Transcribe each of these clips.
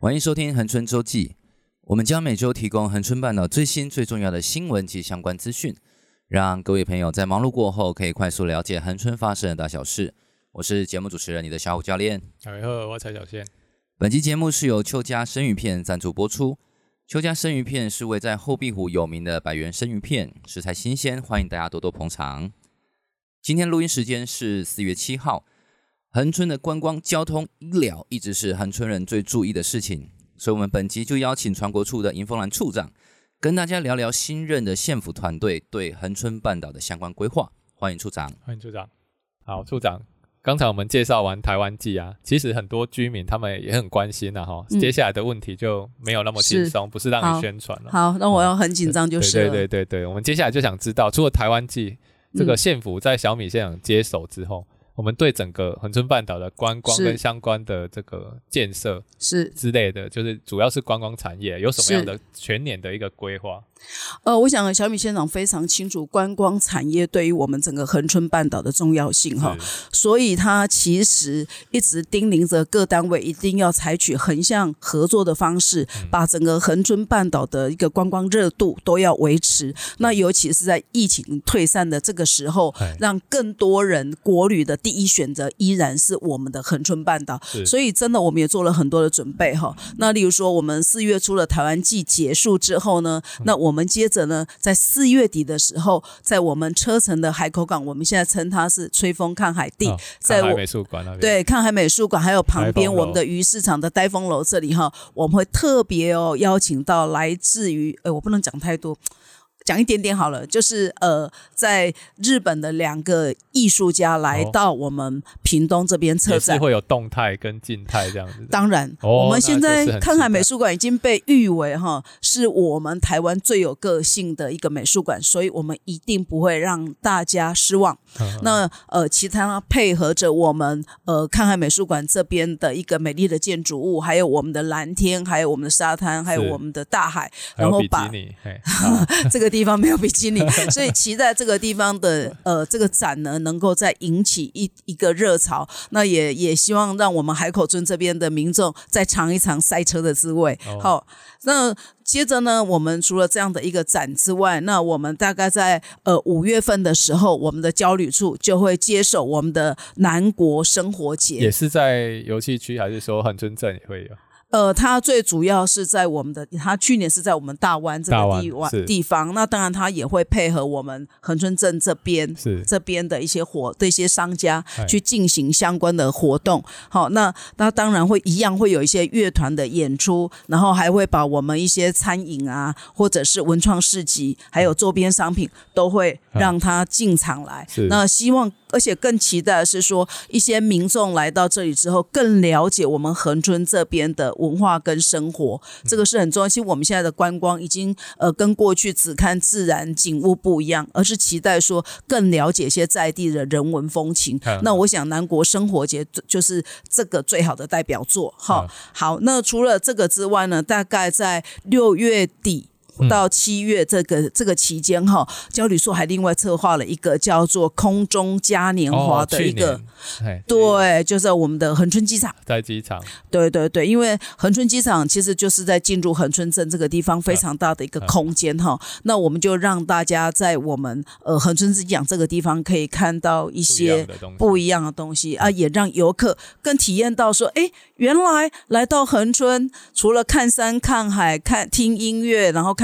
歡迎收聽恆春週記，我們將每周提供恆春半島最新最重要的新聞及相關資訊，讓各位朋友在忙碌過後可以快速了解恆春發生的大小事。我是節目主持人，你的小虎教練。你好，我是蔡小憲。本期節目是由邱家生魚片贊助播出。邱家生魚片是位在後壁湖有名的百元生魚片，食材新鮮，歡迎大家多多捧場。今天錄音時間是四月七號。恆春的觀光、交通、醫療一直是恆春人最注意的事情，所以，我們本集就邀請傳國處的鄞鳳蘭處長跟大家聊聊新任的縣府團隊對恆春半島的相關規劃。歡迎處長！歡迎處長！好，處長，剛才我們介紹完台灣祭啊，其實很多居民他們也很關心啊。哈。接下來的問題就沒有那麼輕鬆，是，不是讓你宣傳了。好，好，那我要很緊張就是。嗯、對，對對對對，我們接下來就想知道，除了台灣祭這個縣府在小米縣長接手之後。我們對整個恆春半島的觀光跟相關的這個建設是之類的，就是主要是觀光產業有什麼樣的全年的一個規劃？呃，我想小米縣長非常清楚觀光產業對於我們整個恆春半島的重要性哈，是所以他其實一直叮嚀着各單位一定要採取橫向合作的方式，嗯、把整個恆春半島的一個觀光熱度都要維持。嗯、那尤其是在疫情退散的這個時候，嘿讓更多人國旅的。第一選擇依然是我們的恆春半島，所以真的我們也做了很多的準備哈。那例如說，我們四月初的台灣祭結束之後呢，那我們接着呢，在四月底的時候，在我們車城的海口港，我們現在稱它是吹風看海地，在看海美術館那邊，對，看海美術館，還有旁邊我們的魚市場的呆風樓這裡哈，我們會特別哦邀請到來自於，誒我不能講太多。講一點點好了，就是呃，在日本的兩個藝術家來到我們屏東這邊策展，哦、可是會有動態跟靜態這樣子。當然，哦、我們現在看海美術館已經被譽為哈，是我們台灣最有個性的一個美術館，所以我們一定不會讓大家失望。呵呵那呃，其他，他配合着我們呃，看海美術館這邊的一個美麗的建築物，還有我們的藍天，還有我們的沙灘，還有我們的大海，是然後把 這個地方沒有比基尼，所以期待這個地方的呃這個展呢，能夠再引起一一個熱潮。那也也希望讓我們海口村這邊的民眾再嘗一嘗塞車的滋味。哦、好，那。接着呢，我們除了這樣的一個展之外，那我們大概在呃五月份的時候，我們的交旅處就會接手我們的南國生活節，也是在遊戲區，還是說恆春站也會有。呃，他最主要是在我們的，他去年是在我們大灣這個地方地方，那當然他也會配合我們恆春鎮這邊是這邊的一些活，這些商家去進行相關的活動。哎、好，那那當然會一樣會有一些樂團的演出，然後還會把我們一些餐飲啊，或者是文創市集，還有周邊商品都會讓他進場來。啊、那希望。而且更期待的是說，一些民眾來到這裡之後，更了解我們恆春這邊的文化跟生活，這個是很重要。其實我們現在的觀光已經呃，跟過去只看自然景物不一樣，而是期待說更了解一些在地的人文風情。那我想南國生活節就是這個最好的代表作。好，好，那除了這個之外呢，大概在六月底。嗯、到七月這個這個期間哈，交旅處還另外策劃了一個叫做“空中嘉年華”的一個，哦、對，對對就在我們的恆春機場，在機場，對對對，因為恆春機場其實就是在進入恆春鎮這個地方非常大的一個空間哈，啊啊、那我們就讓大家在我們呃恆春之場這個地方可以看到一些不一樣的東西,的東西啊，也讓遊客更體驗到說，哎、欸，原來來到恆春除了看山看海、看聽音樂，然後看。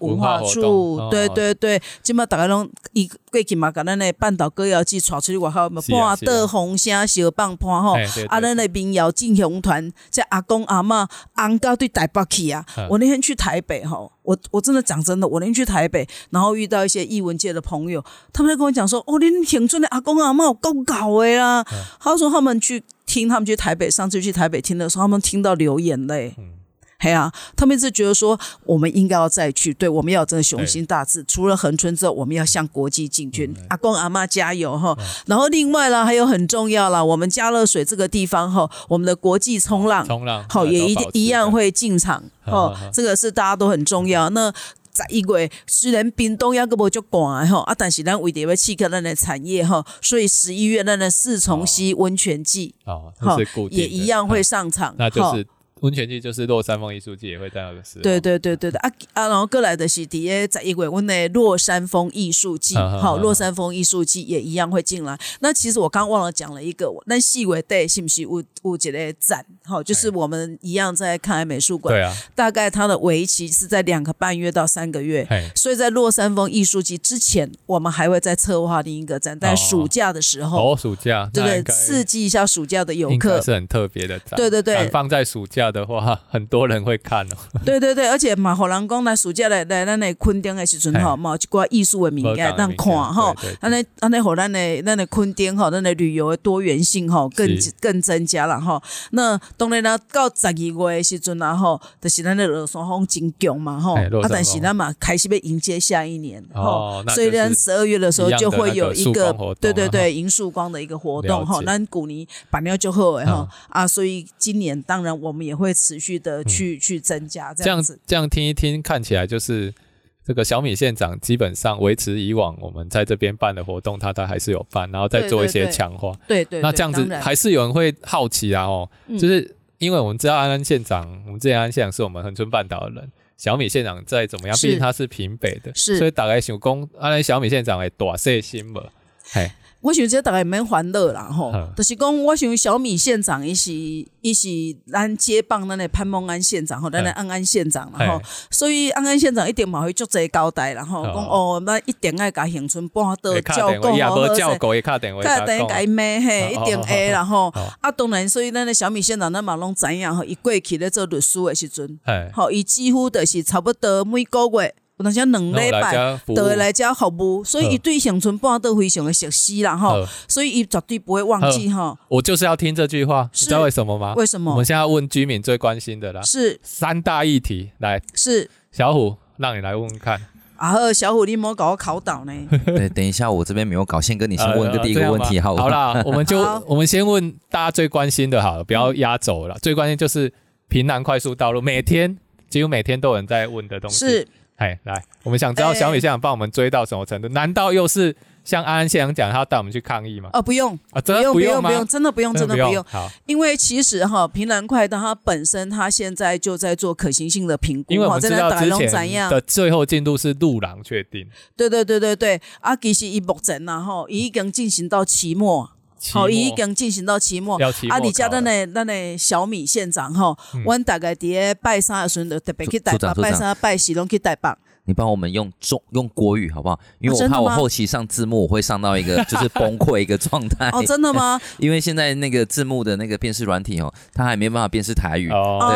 文化處，對對對，今麥大家攏一過去嘛，把咱的半島歌謠劇唱出去外口嘛，伴笛、紅弦、小棒伴吼，啊，咱、啊啊、的民謠進雄團，這阿公阿嬤安到對台北去啊！嗯、我那天去台北吼，我我真的講真的，我那天去台北，然後遇到一些藝文界的朋友，他們在跟我講說，哦，恁恆春的阿公阿嬤夠搞的啦。他說、嗯、他們去聽，他們去台北，上次去台北聽的時候，他們聽到流眼淚。哎啊，他們就覺得說，我們應該要再去，對，我們要真的雄心大志，除了恆春之後，我們要向國際進軍。阿公阿媽加油哈！然後另外呢，還有很重要啦，我們佳樂水這個地方哈，我們的國際衝浪，衝浪，好，也一一樣會進場哈。這個是大家都很重要。那在一為雖然冰凍要個不就寡哈啊，但是咱為底要刺激咱的產業哈，所以十一月那那四重溪溫泉季啊，也一樣會上場，那溫泉季就是落山風藝術季也會在那時。對對對對的啊啊！然後各來是的戲，第在一為問們落山風藝術季，啊、哈 好，啊、哈 落山風藝術季也一樣會進來。那其實我剛忘了講了一個，那戲為第信不信？我解這個展，好、哦，就是我們一樣在看海美術館。對啊。大概它的為期是在兩個半月到三個月，對啊、所以在落山風藝術季之前，我們還會再策劃另一個展，在暑假的時候。哦，哦，暑假。對對，刺激一下暑假的遊客。應該是很特別的展。對對對。放在暑假。的話，很多人會看哦。對對對，而且嘛，荷蘭公在暑假來來咱的墾丁的時陣吼，冒一寡藝術的名誒，咱看吼。啊，那啊那荷蘭的、咱的墾丁吼，咱的旅遊的多元性吼，更是更增加了吼。那當然啦，到十二月的時陣啊吼，就是咱的落山風金光嘛吼，啊，但是咱嘛開始要迎接下一年吼。哦。所以咱十二月的時候就會有一個，對對對，銀樹光的一個活動吼。咱舊年辦了就好誒吼啊，所以今年當然我們也。會持續的去去增加這樣子，嗯、這，樣這樣聽一聽看起來就是這個小米縣長基本上維持以往我們在這邊辦的活動，他都還是有辦，然後再做一些強化。對，對對，對對對那這樣子然還是有人會好奇啊哦，嗯、就是因為我們知道安安縣長，嗯、我們這邊安縣長是我們恆春半島的人，小米縣長在怎麼樣？是畢竟他是平北的，是所以大概想公安安小米縣長會多些新聞，哎。我想說逐個毋免煩惱啦吼，嗯、就是講我想小米縣長，伊是，伊是咱接棒咱的潘孟安縣長吼，咱的安安縣長啦吼，嗯、所以安安縣長一定嘛會足濟交代啦吼，講哦，咱一定愛甲恆春半島照顧吼，照顧，啊無照顧，拍電話甲伊罵嘿，一定會啦吼，啊當然，所以咱的小米縣長咱嘛攏知影吼，伊過去咧做律師的時陣，吼，伊幾乎著是差不多每個月。不能說兩禮拜得來家服務，所以伊對鄉村辦都非常的熟悉啦哈，所以伊絕對不會忘記哈。我就是要聽這句話，你知道為什麼嗎？為什麼？我們現在問居民最關心的啦，是三大議題來。是小虎，讓你來問問看啊！小虎，你莫搞考倒呢？等一下我這邊沒有搞，先跟你先問第一個問題好。好了，我們就我們先問大家最關心的，好了，不要壓軸了。最關心就是平南快速道路，每天幾乎每天都有人在問的東西。哎，來，我們想知道小米縣長幫我們追到什麼程度？欸、難道又是像安安先生講，他要帶我們去抗議嗎？哦、啊，不用啊，真的不用不用，真的不用，真的不用，真的不用。好，因為其實哈，平南快道它本身它現在就在做可行性的評估，因為我們知道之前的最後進度是路廊確定。對對對對對，啊，其實一目前然後已經進行到期末。好，已經進行到期末，啊！你家的那那小米縣長吼，我大概在拜三的時候特別去帶，拜三拜四都去帶棒。你幫我們用中用國語好不好？因為我怕我後期上字幕，我會上到一個就是崩潰一個狀態。哦，真的嗎？因為現在那個字幕的那個辨識軟體哦，它還沒有辦法辨識台語。哦，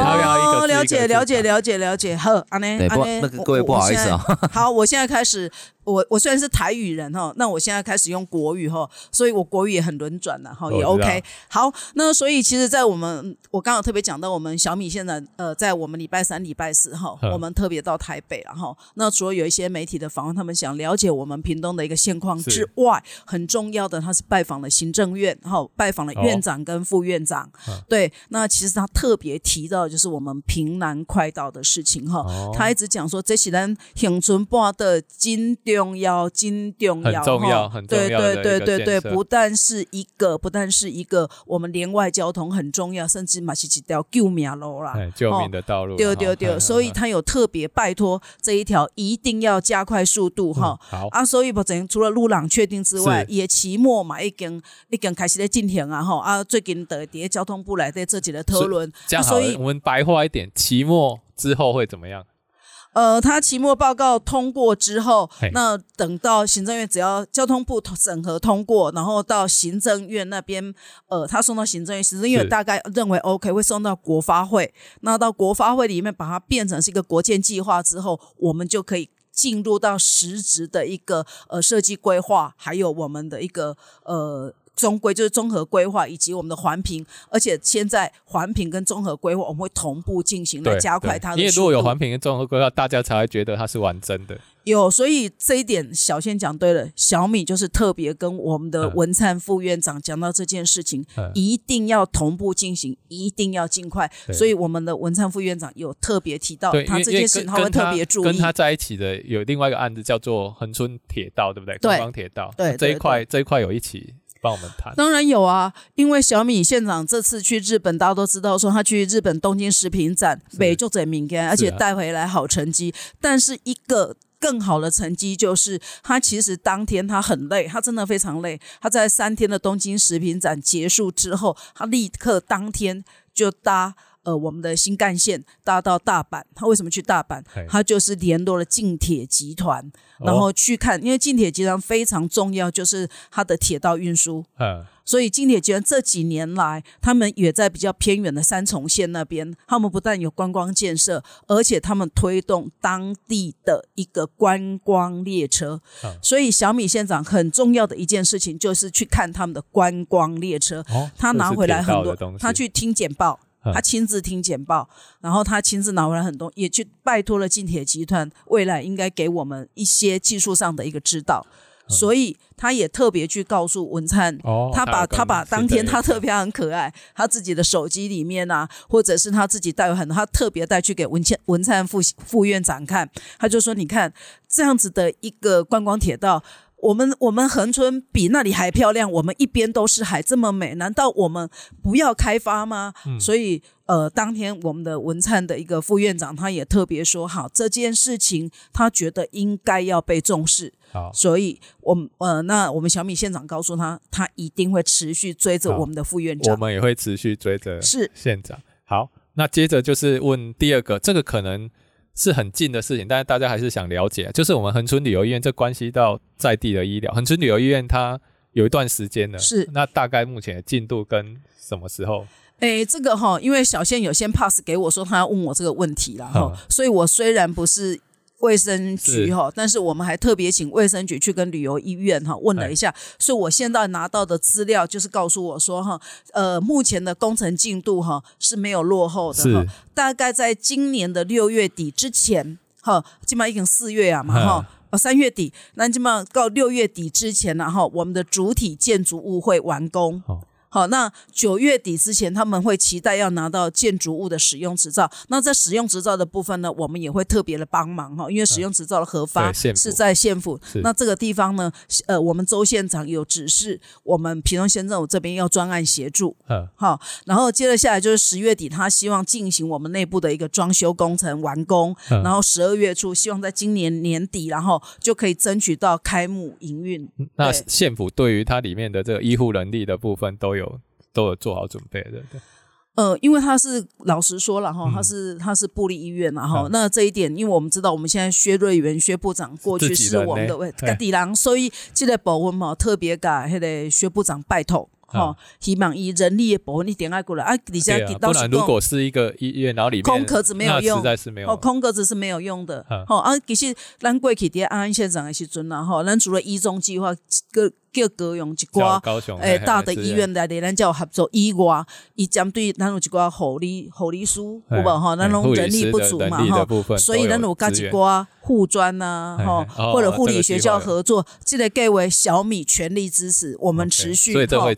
對，了解了解了解了解，呵，阿內阿內，那個各位不好意思啊。好，我現在開始。我我雖然是台語人哈，那我現在開始用國語哈，所以我國語也很輪轉了哈，也 OK。哦啊、好，那所以其實，在我們我剛剛特別講到，我們小米現在呃，在我們禮拜三禮拜四哈，我們特別到台北了後，嗯、那除了有一些媒體的訪問，他們想了解我們屏東的一個現況之外，是很重要的，他是拜訪了行政院哈，拜訪了院長跟副院長。哦哦、對，那其實他特別提到的就是我們屏南快道的事情哈，哦、他一直講說這些人挺淳樸的金。重要，真重要很重要，對、哦、對對對對，不但是一個，不但是一個，我們連外交通很重要，甚至嘛是一條救命路啦、欸，救命的道路。哦、對對對，呵呵呵所以他有特別拜托這一條一定要加快速度，哈、哦嗯。好啊，所以目前除了路廊確定之外，也是期末嘛已經已經開始在進行啊，哈。啊，最近的底下交通部來對自己的討論，所以我們白話一點，期末之後會怎麼樣？呃，他期末報告通過之後嘿，那等到行政院只要交通部審核通過，然後到行政院那邊，呃，他送到行政院，行政院大概認為 OK，會送到國發會是，那到國發會裡面把它變成是一個國建計劃之後，我們就可以進入到實質的一個呃設計規劃，還有我們的一個呃。中規就是綜合規劃以及我們的環評，而且現在環評跟綜合規劃我們會同步進行來加快它的。因為如果有環評跟綜合規劃，大家才會覺得它是完整的。有，所以這一點小憲講對了。小米就是特別跟我們的文燦副院長講到這件事情，嗯、一定要同步進行，一定要儘快。嗯、所以我們的文燦副院長有特別提到他這件事，他會特別注意跟。跟他在一起的有另外一個案子叫做恆春鐵道，對不對？對，恆春鐵道對,對,對這一塊這一塊有一起。幫我們談，當然有啊，因為小米縣長這次去日本，大家都知道，說他去日本東京食品展美就在明天，而且帶回來好成績。但是一個更好的成績就是，他其實當天他很累，他真的非常累。他在三天的東京食品展結束之後，他立刻當天就搭。呃，我們的新幹線搭到大阪，他為什麼去大阪？Hey. 他就是聯絡了近鐵集團，Oh. 然後去看，因為近鐵集團非常重要，就是它的鐵道運輸。Uh. 所以近鐵集團這幾年來，他們也在比較偏遠的三重縣那邊，他們不但有觀光建設，而且他們推動當地的一個觀光列車。Uh. 所以小米縣長很重要的一件事情，就是去看他們的觀光列車。Oh. 他拿回來很多，東西他去聽簡報。他親自聽簡報，然後他親自拿回來很多，也去拜托了近鐵集團，未來應該給我們一些技術上的一個指導，嗯、所以他也特別去告訴文燦，哦、他把他把當天他特別很可愛，他自己的手機裡面啊，或者是他自己帶有很多，他特別帶去給文燦文燦副副院長看，他就說，你看這樣子的一個觀光鐵道。我們我們恆春比那裡還漂亮，我們一邊都是海，這麼美，難道我們不要開發嗎？嗯、所以，呃，當天我們的文燦的一個副院長，他也特別說，好，這件事情，他覺得應該要被重視。好，所以我，我呃，那我們小米縣長告訴他，他一定會持續追着我們的副院長，我們也會持續追着縣長。是好，那接着就是問第二個，這個可能。是很近的事情，但是大家還是想了解，就是我們恆春旅遊醫院這關係到在地的醫療。恆春旅遊醫院它有一段時間了，是那大概目前的進度跟什麼時候？哎、欸，這個哈、哦，因為小憲有先 pass 給我說他要問我這個問題了哈，嗯、所以我雖然不是。衛生局哈，但是我們還特別請衛生局去跟旅遊醫院哈，問了一下，所以我現在拿到的資料就是告訴我說哈，呃，目前的工程進度哈是沒有落後的，是大概在今年的六月底之前哈，起碼已經四月啊嘛哈，三月底，那基本上到六月底之前，然後我們的主體建築物會完工。好，那九月底之前他們會期待要拿到建築物的使用執照。那在使用執照的部分呢，我們也會特別的幫忙哈，因為使用執照的核發是在縣府。嗯、縣府那這個地方呢，呃，我們周縣長有指示，我們屏東縣政府這邊要專案協助。好、嗯，然後接着下來就是十月底，他希望進行我們內部的一個裝修工程完工，嗯、然後十二月初希望在今年年底，然後就可以爭取到開幕營運。那縣府對於它裡面的這個醫護人力的部分都有。都有做好準備的。對，呃，因為他是老實說了哈，他是他是部立醫院嘛，哈，那這一點，因為我們知道，我們現在薛瑞元薛部長過去是我們的家己人，所以這個保溫嘛特別噶，迄個薛部長拜托哈，希望以人力的保溫一點愛過來啊。你現在當然，如果是一個醫院，然後裡面空殼子沒有用，哦，空殼子是沒有用的。好啊，其實咱過去底安安縣長也是尊啦哈，咱除了醫中計劃個。叫高雄一掛誒，大的醫院來咧，咱叫合作醫掛，以針對那種一掛護理護理師，好無吼？那種人力不足嘛吼，所以咱有搞幾掛護專吶吼，或者護理學校合作，這個改為小米全力支持，我們持續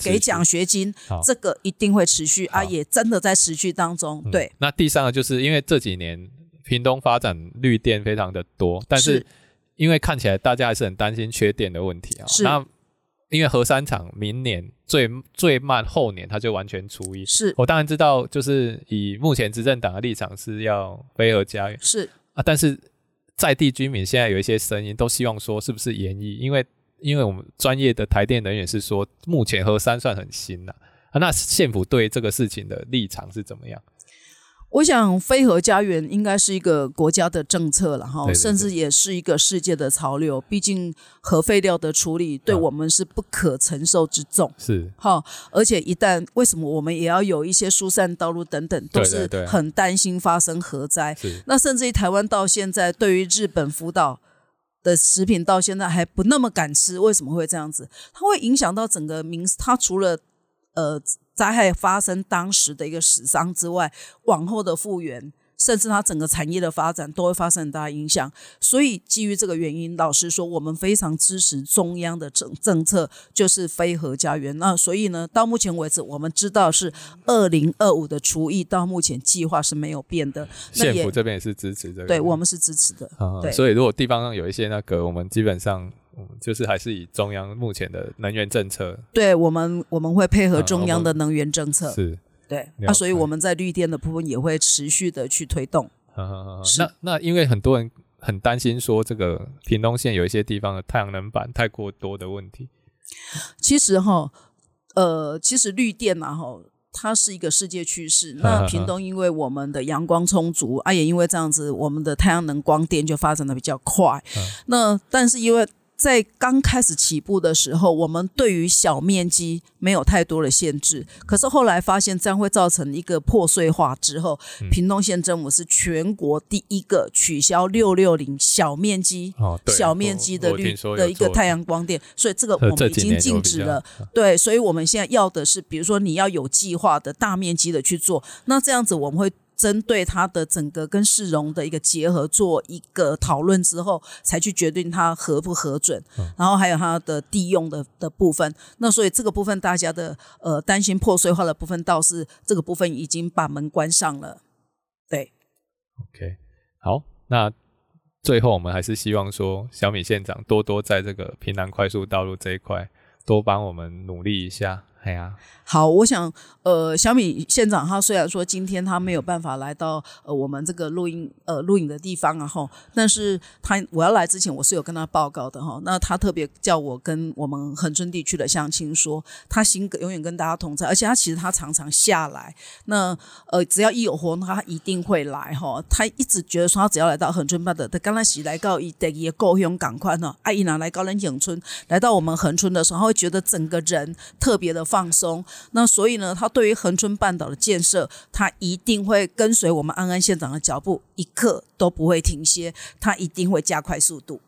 給獎學金，這個一定會持續啊，也真的在持續當中。對。那第三個就是因為這幾年屏東發展綠電非常的多，但是因為看起來大家還是很擔心缺電的問題啊，因為核三廠明年最最慢後年，它就完全除役。是，我當然知道，就是以目前執政黨的立場是要非核家園。是啊，但是在地居民現在有一些聲音都希望說是不是延役，因為因為我們專業的台電人員是說目前核三算很新吶，啊，啊，那縣府對這個事情的立場是怎麼樣？我想，非核家園應該是一個國家的政策了，哈，甚至也是一個世界的潮流。畢竟，核廢料的處理對我們是不可承受之重。是哈，而且一旦為什麼我們也要有一些疏散道路等等，都是很擔心發生核災。那，甚至於台灣到現在對於日本福島的食品到現在還不那麼敢吃，為什麼會這樣子？它會影響到整個民。它除了呃。災害發生當時的一個死傷之外，往後的復原，甚至它整個產業的發展都會發生很大影響。所以基於這個原因，老實說我們非常支持中央的政政策，就是非核家園。那所以呢，到目前為止，我們知道是二零二五的除役到目前計劃是沒有變的。縣府這邊也是支持的、這個、對我們是支持的。嗯、對所以如果地方上有一些那個，我們基本上。就是還是以中央目前的能源政策對，對我們我們會配合中央的能源政策，啊、是對。那了解、啊、所以我們在綠電的部分也會持續的去推動。那那因為很多人很擔心說，這個屏東縣有一些地方的太陽能板太過多的問題。其實哈，呃，其實綠電啊，哈，它是一個世界趨勢。那屏東因為我們的陽光充足，啊，啊也因為這樣子，我們的太陽能光電就發展的比較快。啊、那但是因為在剛開始起步的時候，我們對於小面積沒有太多的限制。嗯、可是後來發現這樣會造成一個破碎化之後，嗯、屏東縣政府是全國第一個取消六六零小面積、哦啊、小面積的綠的一個太陽光電，所以這個我們已經禁止了。對，所以我們現在要的是，比如說你要有計劃的大面積的去做，那這樣子我們會。針對它的整個跟市容的一個結合做一個討論之後，才去決定它合不合準，然後還有它的地用的的部分。那所以這個部分大家的呃擔心破碎化的部分，倒是這個部分已經把門關上了。對，OK，好，那最後我們還是希望說，小米縣長多多在這個屏南快速道路這一塊多幫我們努力一下。對呀、啊，好，我想，呃，小米縣長他雖然說今天他沒有辦法來到呃我們這個錄音呃錄影的地方啊，吼，但是他我要來之前我是有跟他報告的哈、哦，那他特別叫我跟我們恆春地區的鄉親說，他心格永遠跟大家同在，而且他其實他常常下來，那呃只要一有活，動，他一定會來哈、哦，他一直覺得說他只要來到恆春辦的、啊，他剛才其來告也也夠趕快。了，阿姨拿來高冷永春，來到我們恆春的時候，他會覺得整個人特別的。放鬆，那所以呢，他對於恆春半島的建設，他一定會跟隨我們安安縣長的腳步，一刻都不會停歇，他一定會加快速度。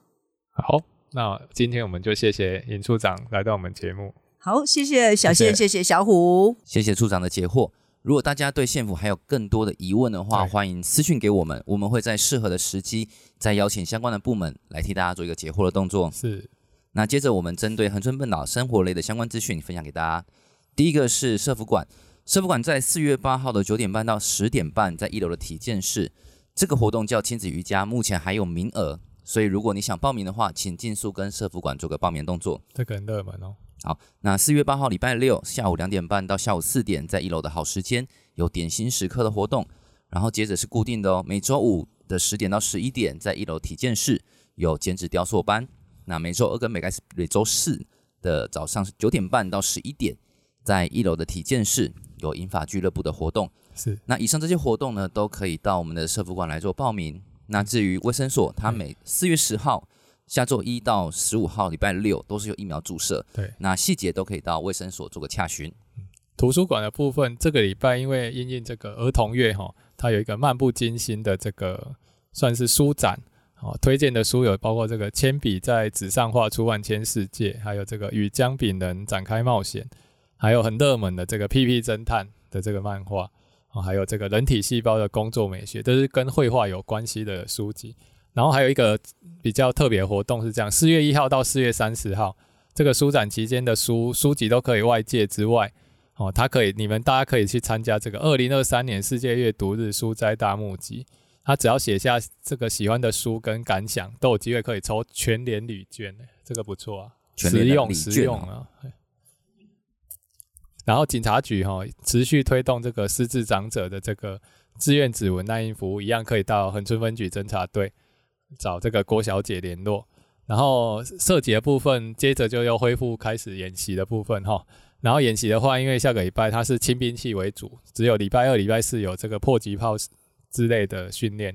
好，那今天我們就謝謝鄞處長來到我們節目。好，謝謝小憲，謝謝,謝謝小虎，謝謝處長的解惑。如果大家對縣府還有更多的疑問的話，對歡迎私訊給我們，我們會在適合的時機再邀請相關的部門來替大家做一個解惑的動作。是。那接着我們針對恆春半島生活類的相關資訊分享給大家。第一個是社福館，社福館在四月八號的九點半到十點半，在一樓的體健室，這個活動叫親子瑜伽，目前還有名額，所以如果你想報名的話，請儘速跟社福館做個報名動作。這個很熱門哦。好，那四月八號禮拜六下午兩點半到下午四點，在一樓的好食間有點心時刻的活動。然後接着是固定的哦，每周五的十點到十一點，在一樓體健室有減脂雕塑班。那每周二跟每個每周四的早上九點半到十一點，在一樓的體健室有銀髮俱樂部的活動。是。那以上這些活動呢，都可以到我們的社福館來做報名。那至於衛生所，它每四月十號、嗯、下周一到十五號禮拜六都是有疫苗注射。對。那細節都可以到衛生所做個洽詢、嗯。圖書館的部分，這個禮拜因為因應這個兒童月哈，它有一個漫不經心的這個算是書展。哦，推薦的書有包括這個鉛筆在紙上畫出萬千世界，還有這個與薑餅人展開冒險，還有很熱門的這個屁屁偵探的這個漫畫，哦，還有這個人體細胞的工作美學，都是跟繪畫有關係的書籍。然後還有一個比較特別活動是這樣：四月一號到四月三十號，這個書展期間的書書籍都可以外借之外，哦，它可以你們大家可以去參加這個二零二三年世界閱讀日書摘大募集。他只要寫下這個喜歡的書跟感想，都有機會可以抽全聯禮券。欸，這個不錯啊，全聯禮券啊實，實用實用啊。然後警察局哈，持續推動這個失智長者的這個志願指紋捺印服務，一樣可以到恆春分局偵查隊找這個郭小姐聯絡。然後射擊的部分，接着就又恢復開始演習的部分哈。然後演習的話，因為下個禮拜它是輕兵器為主，只有禮拜二、禮拜四有這個迫擊炮。之類的訓練，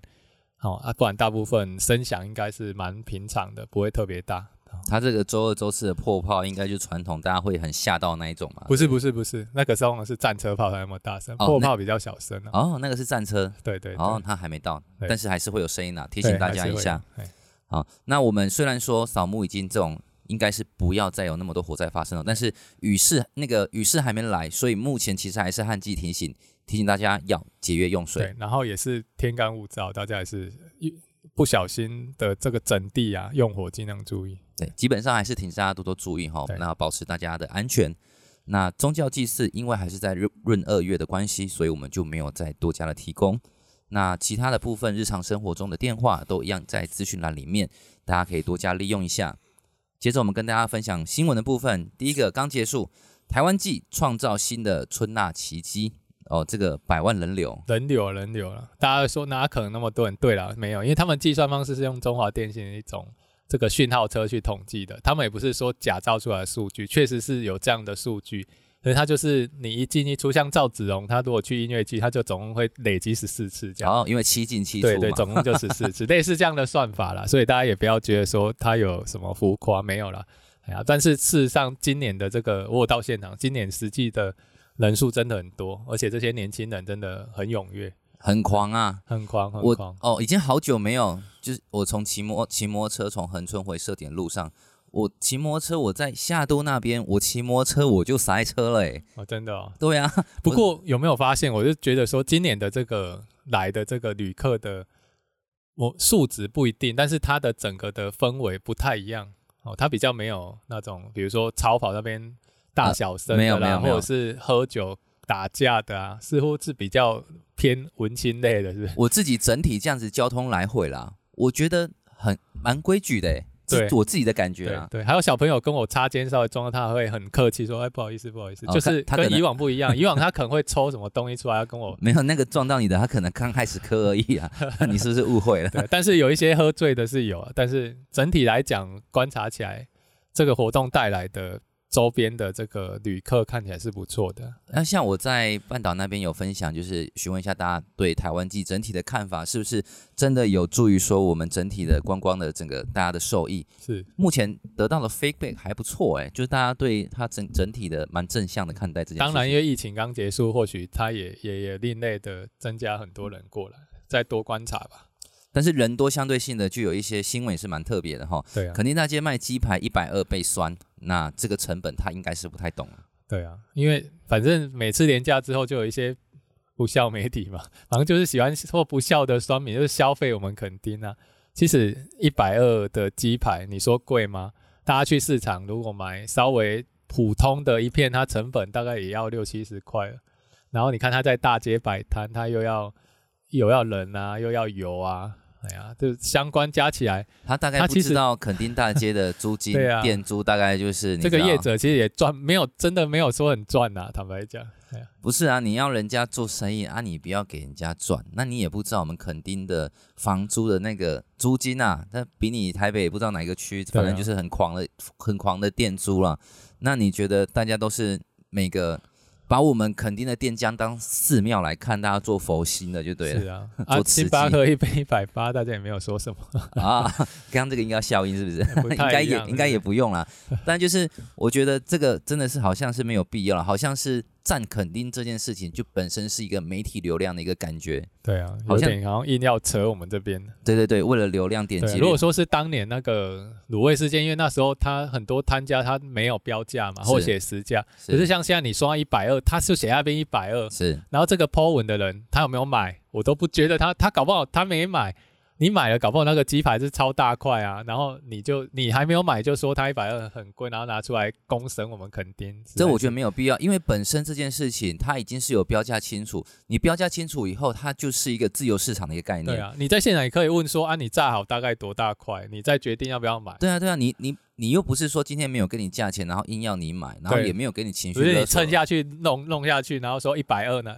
好、哦、啊，不然大部分聲響應該是蠻平常的，不會特別大。哦、他這個周二、周四的迫炮，應該就傳統，大家會很嚇到那一種嘛？不是，不是，不是，那個時候是戰車炮，還那麼大聲，哦、迫炮比較小聲、啊、哦，那個是戰車，對，對對。哦，他還沒到，對但是還是會有聲音、啊、提醒大家一下。好，那我們雖然說掃墓已經這種。應該是不要再有那麼多火災發生了，但是雨勢那個雨勢還沒來，所以目前其實還是旱季，提醒提醒大家要節約用水，然後也是天乾物燥，大家還是不不小心的這個整地啊，用火盡量注意。對，基本上還是請大家多多注意哈對、哦，那保持大家的安全。那宗教祭祀因為還是在閏閏二月的關係，所以我們就沒有再多加的提供。那其他的部分，日常生活中的電話都一樣在資訊欄裡面，大家可以多加利用一下。接着我們跟大家分享新聞的部分，第一個剛結束，台灣祭創造新的春吶奇蹟哦，這個百萬人流，人流、啊、人流了、啊，大家說哪可能那麼多人？對了，沒有，因為他們計算方式是用中華電信的一種這個訊號車去統計的，他們也不是說假造出來的數據，確實是有這樣的數據。所以他就是你一進一出，像趙子龍，他如果去音樂劇，他就總共會累積十四次。哦，因為七進七出，對對，總共就十四次， 類似這樣的算法啦，所以大家也不要覺得說他有什麼浮誇，沒有啦。哎呀，但是事實上今年的這個我有到現場，今年實際的人數真的很多，而且這些年輕人真的很踴躍，很狂啊，很狂，很狂哦！已經好久沒有，就是我從騎摩騎摩托車從恆春回射點路上。我騎摩托車，我在夏都那邊，我騎摩托車我就塞車了、欸、哦，真的哦。對啊，不過有沒有發現，我就覺得說，今年的這個來的這個旅客的我素質不一定，但是他的整個的氛圍不太一樣哦，他比較沒有那種，比如說超跑那邊大小聲，沒有沒有，或者是喝酒打架的啊，似乎是比較偏文青類的是不是，是我自己整體這樣子交通來回啦，我覺得很蠻規矩的、欸是對我自己的感覺啊，對。對，還有小朋友跟我擦肩稍微撞到，他會很客氣說：“哎，不好意思，不好意思，哦”就是跟他跟以往不一樣，以往他可能會抽什麼東西出來要跟我。沒有那個撞到你的，他可能剛開始磕而已啊， 你是不是誤會了？但是有一些喝醉的是有，但是整體來講， 觀察起來，這個活動帶來的。周邊的這個旅客，看起來是不錯的。那像我在半島那邊有分享，就是詢問一下大家對台灣祭整體的看法，是不是真的有助於說我們整體的觀光的整個大家的受益？是目前得到的 feedback 還不錯、欸，哎，就是大家對他整整體的蠻正向的看待這件事。這當然，因為疫情剛結束，或許他也也也另類的增加很多人過來，嗯、再多觀察吧。但是人多相對性的就有一些新聞是蠻特別的哈，對、啊，肯定大街賣雞排一百二被酸，那這個成本他應該是不太懂了，對啊，因為反正每次廉價之後就有一些不孝媒體嘛，反正就是喜歡說不孝的酸民，就是消費我們肯定啊，其實一百二的雞排你說貴嗎？大家去市場如果買稍微普通的一片，它成本大概也要六七十塊，然後你看它在大街擺攤，它又要又要人啊，又要油啊。哎呀，就相關加起來，他大概不知道到墾丁大街的租金、店、 啊、租大概就是你這個業者其實也賺，沒有真的沒有說很賺吶、啊，坦白講。對啊、不是啊，你要人家做生意啊，你不要給人家賺，那你也不知道我們墾丁的房租的那個租金吶、啊，那比你台北也不知道哪個區，反正就是很狂的、啊、很狂的店租了、啊，那你覺得大家都是每個？把我們墾丁的店家當寺廟來看，大家做佛心的就對了。是啊，啊，七八喝一杯一百八，大家也沒有說什麼 啊。剛剛這個應該要消音，是不是？不 應該也應該也不用啦。啊、但就是我覺得這個真的是好像是沒有必要了，好像是。讚肯定這件事情就本身是一個媒體流量的一個感覺，對啊，好像好像硬要扯我們這邊。對對對，為了流量點擊。對啊，。如果說是當年那個滷味事件，因為那時候他很多攤家他沒有標價嘛，或寫實價，是是可是像現在你說他一百二，他是寫那邊一百二，是，然後這個 po 文的人他有沒有買，我都不覺得他他搞不好他沒買。你買了，搞不好那個雞排是超大塊啊，然後你就你還沒有買就說它一百二很貴，然後拿出來公審，我們肯定是是這我覺得沒有必要，因為本身這件事情它已經是有標價清楚，你標價清楚以後，它就是一個自由市場的一個概念。對啊，你在現場也可以問說啊，你炸好大概多大塊，你再決定要不要買。對啊，對啊，你你你又不是說今天沒有給你價錢，然後硬要你買，然後也沒有給你情緒。不是你蹭下去弄弄下去，然後說一百二呢，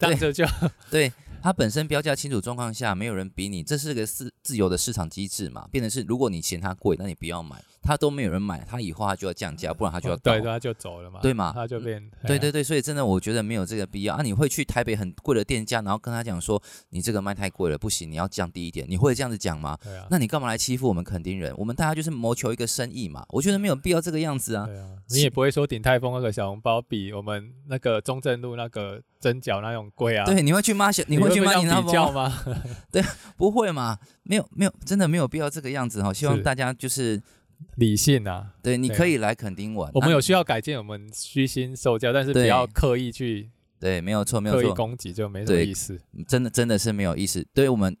這樣子就對。對它本身標價清楚狀況下，沒有人比你，這是個市自由的市場機制嘛？變的是，如果你嫌它貴，那你不要買，它都沒有人買，它以後它就要降價，不然它就要對、嗯、對，它就走了嘛？對嘛？它就變、嗯、對對對，所以真的我覺得沒有這個必要啊！你會去台北很貴的店家，然後跟他講說，你這個賣太貴了，不行，你要降低一點，你會這樣子講嗎？對啊。那你幹嘛來欺負我們墾丁人？我們大家就是謀求一個生意嘛，我覺得沒有必要這個樣子啊。對啊。你也不會說鼎泰豐那個小籠包比我們那個中正路那個蒸餃那種貴啊？對，你會去嗎？小，你會。 去把你當叫嗎？呢嗎 對，不會嘛，沒有沒有，真的沒有必要這個樣子哈、哦。希望大家就是，是理性啊。對，你可以來肯定我，對我們有需要改進，那我們虛心受教，但是不要刻意去。對，沒有錯，沒有錯。攻擊就沒什麼意思，真的真的是沒有意思。對我們。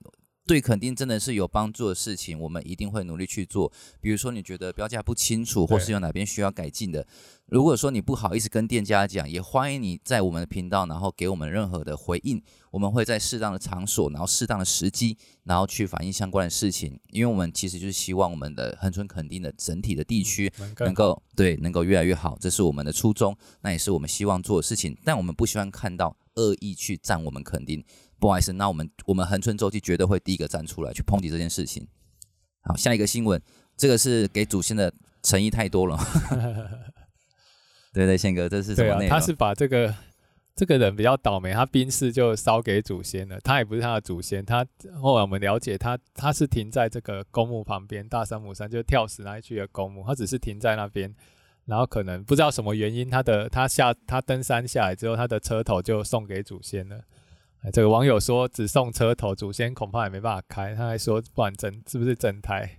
對，所以肯定真的是有幫助的事情，我們一定會努力去做。比如說，你覺得標價不清楚，或是有哪邊需要改進的，對如果說你不好意思跟店家講，也歡迎你在我們的頻道，然後給我們任何的回應，我們會在適當的場所，然後適當的時機，然後去反映相關的事情。因為我們其實就是希望我們的恆春墾丁的整體的地區能夠對能夠越來越好，這是我們的初衷，那也是我們希望做的事情。但我們不希望看到惡意去占我們墾丁。不好意思，那我們我們恆春週記絕對會第一個站出來去抨擊這件事情。好，下一個新聞，這個是給祖先的誠意太多了。 對對，憲哥，這是什麼內容對？啊，他是把這個這個人比較倒霉，他賓士就燒給祖先了。他也不是他的祖先，他後來我們了解他，他他是停在這個公墓旁邊，大山母山就是，跳死那一區的公墓，他只是停在那邊，然後可能不知道什麼原因，他的他下他登山下來之後，他的車頭就送給祖先了。這個網友說只送車頭，祖先恐怕也沒辦法開。他還說，不然整，是不是整台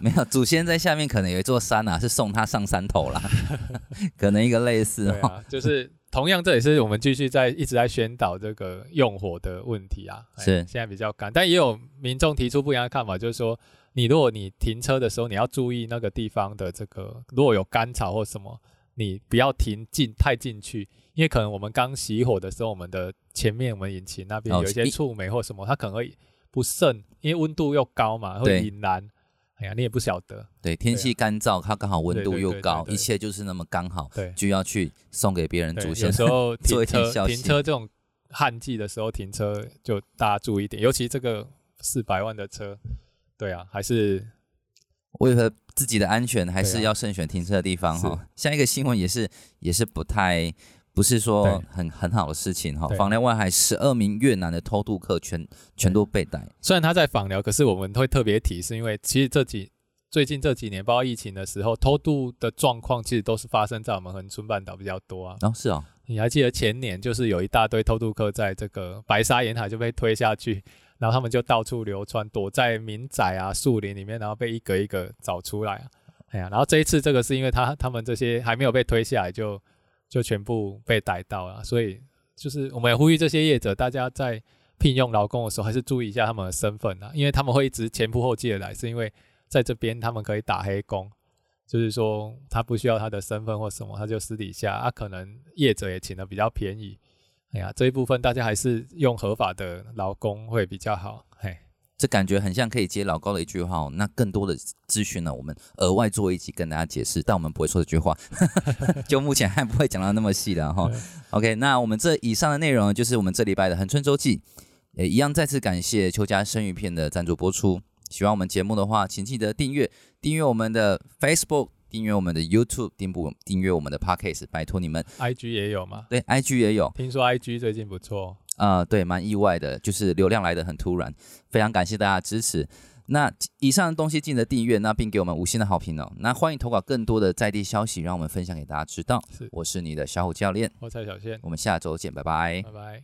沒有祖先在下面，可能有一座山吶、啊，是送他上山頭啦。 可能一個類似哈、哦啊。就是同樣，這也是我們繼續在一直在宣導這個用火的問題啊。哎、是，現在比較乾，但也有民眾提出不一樣的看法，就是說，你如果你停車的時候，你要注意那個地方的這個，如果有乾草或什麼，你不要停進太進去。因為可能我們剛熄火的時候，我們的前面我們引擎那邊有一些觸媒或什麼，它可能會不慎，因為溫度又高嘛，會引燃。哎呀，你也不曉得。對，啊、天氣乾燥，它剛好溫度又高，一切就是那麼剛好，就要去送給別人祖先。有的時候停車停車這種旱季的時候停車就大家注意一點，尤其這個四百萬的車，對啊，還是為了自己的安全，還是要慎選停車的地方哈。像一個新聞也是也是不太。不是說很對很好的事情哈、哦，對枋寮外海十二名越南的偷渡客全對全都被逮。雖然他在枋寮，可是我們會特別提，是因為其實這幾最近這幾年，包括疫情的時候，偷渡的狀況其實都是發生在我們恆春半島比較多啊。後、哦、是啊、哦。你還記得，前年就是有一大堆偷渡客在這個白沙沿海就被推下去，然後他們就到處流竄，躲在民宅啊、樹林裡面，然後被一個一個找出來啊。哎呀，然後這一次這個是因為他他們這些還沒有被推下來就。就全部被逮到了，所以就是我們也呼籲這些業者，大家在聘用勞工的時候還是注意一下他們的身份啊，因為他們會一直前仆後繼的來，是因為在這邊他們可以打黑工，就是說他不需要他的身份或什麼，他就私底下，他，啊，可能業者也請得比較便宜。哎呀，這一部分大家還是用合法的勞工會比較好，嘿。這感覺很像可以接老高的一句話哦，那更多的資訊呢，我們額外做一集跟大家解釋，但我們不會說這句話，呵呵呵，就目前還不會講到那麼細的哈。對 OK，那我們這以上的內容就是我們這禮拜的恆春周記，也一樣再次感謝邱家生魚片的贊助播出。喜歡我們節目的話，請記得訂閱，訂閱我們的 Facebook，訂閱我們的 YouTube，訂不訂閱我們的 Podcast，拜托你們。IG 也有嗎？對，IG 也有，聽說 IG 最近不錯。啊、呃，對，蠻意外的，就是流量來得很突然，非常感謝大家的支持。那以上的東西記得訂閱，那並給我們五星的好評哦。那歡迎投稿更多的在地消息，讓我們分享給大家知道。是我是你的小虎教練，我蔡小憲，我們下周見，拜拜，拜拜。